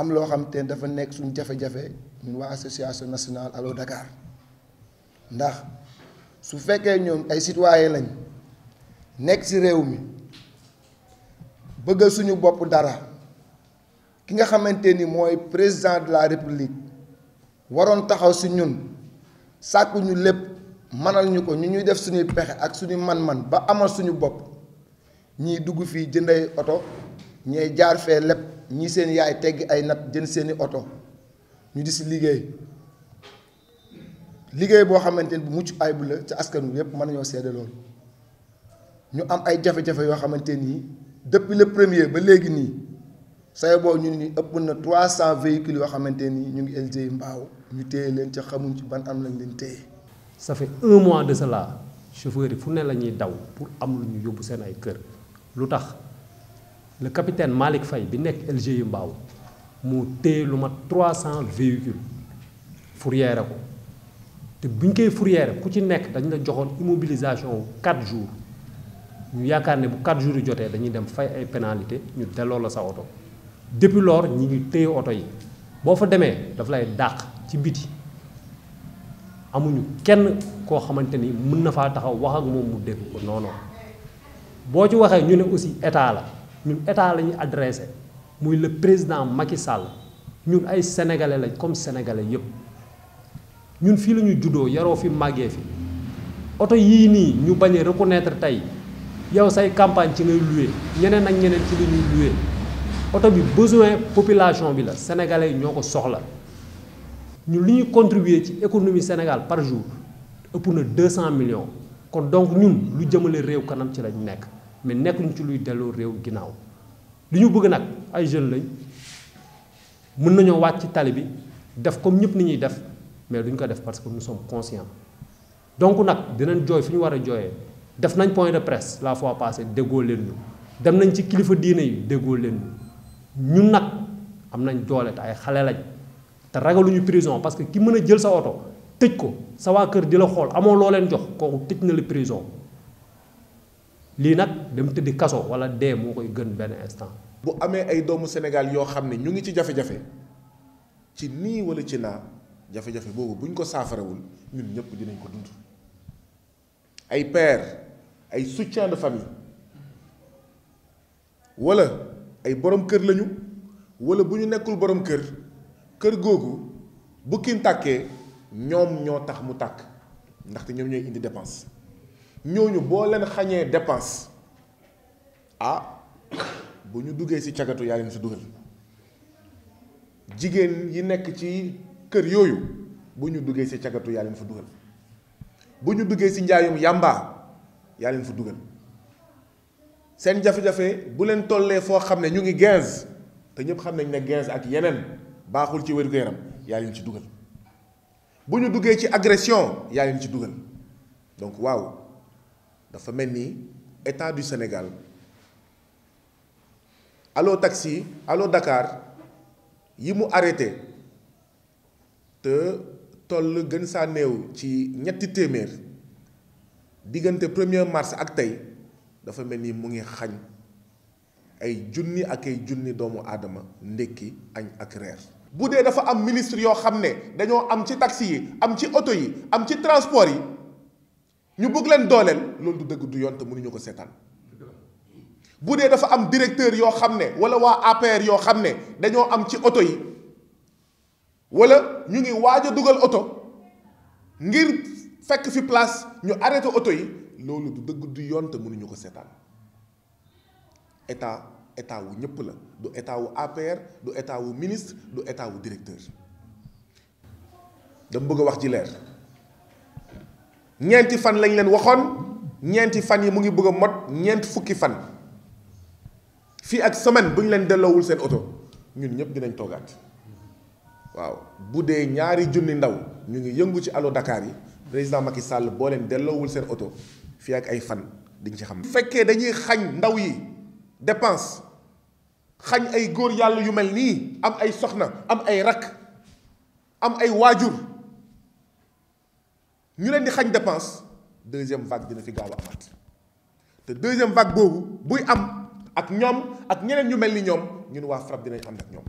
am loo xam te ne dafa nekk suñ jafe-jafe ñun waa association nationale Allo Dakar ndax su fekkee ñoom ay citoyen lañ nekk ci réew mi bëggal suñu bopp dara ki nga xamante ni mooy président de la république waroon taxaw ci ñun sàkku lépp manal ñu ko ñu ñuy def suñuy pexe ak suñu man-man ba amal suñu bopp ñiy dugg fii jënday oto ñooy jaar fee lépp ñi seen yaay tegg ay nat jën seeni oto ñu di si liggéey liggéey boo xamante ni bu mucc ayib la ci askan wi yëpp mën nañoo seede loolu ñu am ay jafe-jafe yoo xamante nii depuis le premier ba léegi nii say boo ñu ni ëpp na trois cent véhicules yoo xamante nii ñu ngi LG mbaaw ñu téye leen ca xamuñ ci ban am lañ leen téye. ça fait mois de cela chauffeur yi fu ne la ñuy daw pour am lu ñu yóbbu seen ay kër lu tax. la capitaine Malick Faye bi nekk yu Mbaaw mu téye lu mat 300 véhicules fourrière ko te buñ koy fourrière ku ci nekk dañ la joxoon immobilisation wu 4 jours ñu yaakaar ne bu 4 jours yu jotee dañuy dem fay ay pénalité ñu delloo la sa oto depuis lors ñi ngi téye oto yi boo fa demee daf lay dàq ci biti amuñu kenn koo xamante ni mën na faa taxaw wax ak moom mu dégg ko non boo ci waxee ñu ne aussi état la. ñun état la ñu adressé muy le président Macky Sall ñun ay sénégalais lañ comme sénégalais yëpp ñun fii la ñu juddoo yaroo fi màggee fi oto yii nii ñu bañ a reconnaître tey yow say campagne ci ngay loué ñeneen ak ñeneen ci la ñuy oto bi besoin population bi la sénégalais yi ñoo ko soxla ñun li ñuy contribuer ci économie Sénégal par jour ëpp na 200 millions kon donc ñun lu jëmale réew kanam ci lañ nekk. mais nekkuñ ci luy delloo réew ginnaaw lu ñu bëgg nag ay jeunes lañ mën nañoo wàcc ci tali bi def comme ñëpp ni ñuy def mais duñ ko def parce que nous sommes conscients donc nag dinañ jooy fu ñu war a jooyee def nañ point de presse la fois passée déggoo leen ñu dem nañ ci kilifa diine yi déggoo leen ñu ñun nag am nañ jooleet ay xale lañ te ragaluñu prison parce que ki mën a jël sa oto tëj ko sa waa kër di la xool amoo loo leen jox kooku tëj na la prison. lii nag dem tëddi kaso wala dee moo koy gën benn instant. bu amee ay doomu Sénégal yoo xam ne ñu ngi ci jafe-jafe ci nii wala ci naa jafe-jafe boobu buñ ko saafarawul ñun ñëpp dinañ ko dund ay père ay soutien de famille wala ay boroom kër lañu wala bu ñu nekkul boroom kër kër googu bu kiin tàkkee ñoom ñoo tax mu takk ndaxte ñoom ñooy indi dépense. ñooñu boo leen xañee dépense ah bu ñu duggee ci cagatu yaa leen si dugal jigéen yi nekk ci kër yooyu bu ñu duggee ci cagatu yaa leen fa dugal bu ñu duggee ci njaayum yàmbaa yaa leen fa dugal seen jafe-jafe bu leen tollee foo xam ne ñu ngi quinze te ñëpp xam nañ ne quinze ak yeneen baaxul ci wér-gu-yaram yaa leen ci dugal bu ñu duggee ci agression yaa leen ci dugal donc waaw dafa mel ni état du Sénégal allo taxi allo Dakar yi mu arrêté te toll gën saa néew ci ñetti téeméer diggante 1er mars ak tey dafa mel ni mu ngi xañ ay junni ak ay junni doomu aadama ndékki añ ak reer. bu dee dafa am ministre yoo xam ne dañoo am ci taxi yi am ci oto yi am ci transport yi. ñu bëgg leen dooleel loolu du dëgg du yoon te mënuñu ko seetaan bu dee dafa am directeur yoo xam ne wala waa APR yoo xam ne dañoo am ci oto yi wala ñu ngi waaj a dugal oto ngir fekk fi place ñu arrêté oto yi loolu du dëgg du yoon te mënuñu ko seetaan état état wu ñëpp la du état wu APR du état wu ministre du état wu directeur dama bëgg a wax ji leer. ñeenti fan lañ leen waxoon ñeenti fan yi mu ngi bëgg a mot ñeent fukki fan fii ak semaine bu ñu leen delloowul seen oto ñun ñëpp dinañ toogaat waaw bu dee ñaari junni ndaw ñu ngi yëngu ci alo dakaar yi président Macky sàll boo leen delloowul seen oto fii ak ay fan diñ ci xam. fekkee dañuy xañ ndaw yi dépense xañ ay góor yàlla yu mel nii am ay soxna am ay rakk am ay waajur. ñu leen di xañ depanse deuxième vague dina fi gaaw a amaat te deuxième vague boobu buy am ak ñoom ak ñeneen yu mel ni ñoom ñun waa FRAPP dinañ ànd ak ñoom.